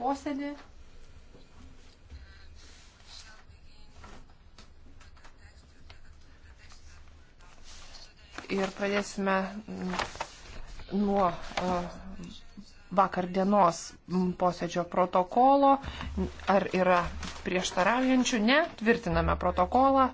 posėdį. Ir pradėsime nuo e, vakar dienos posėdžio protokolo. Ar yra prieštaraujančių? Ne. Tvirtiname protokolą.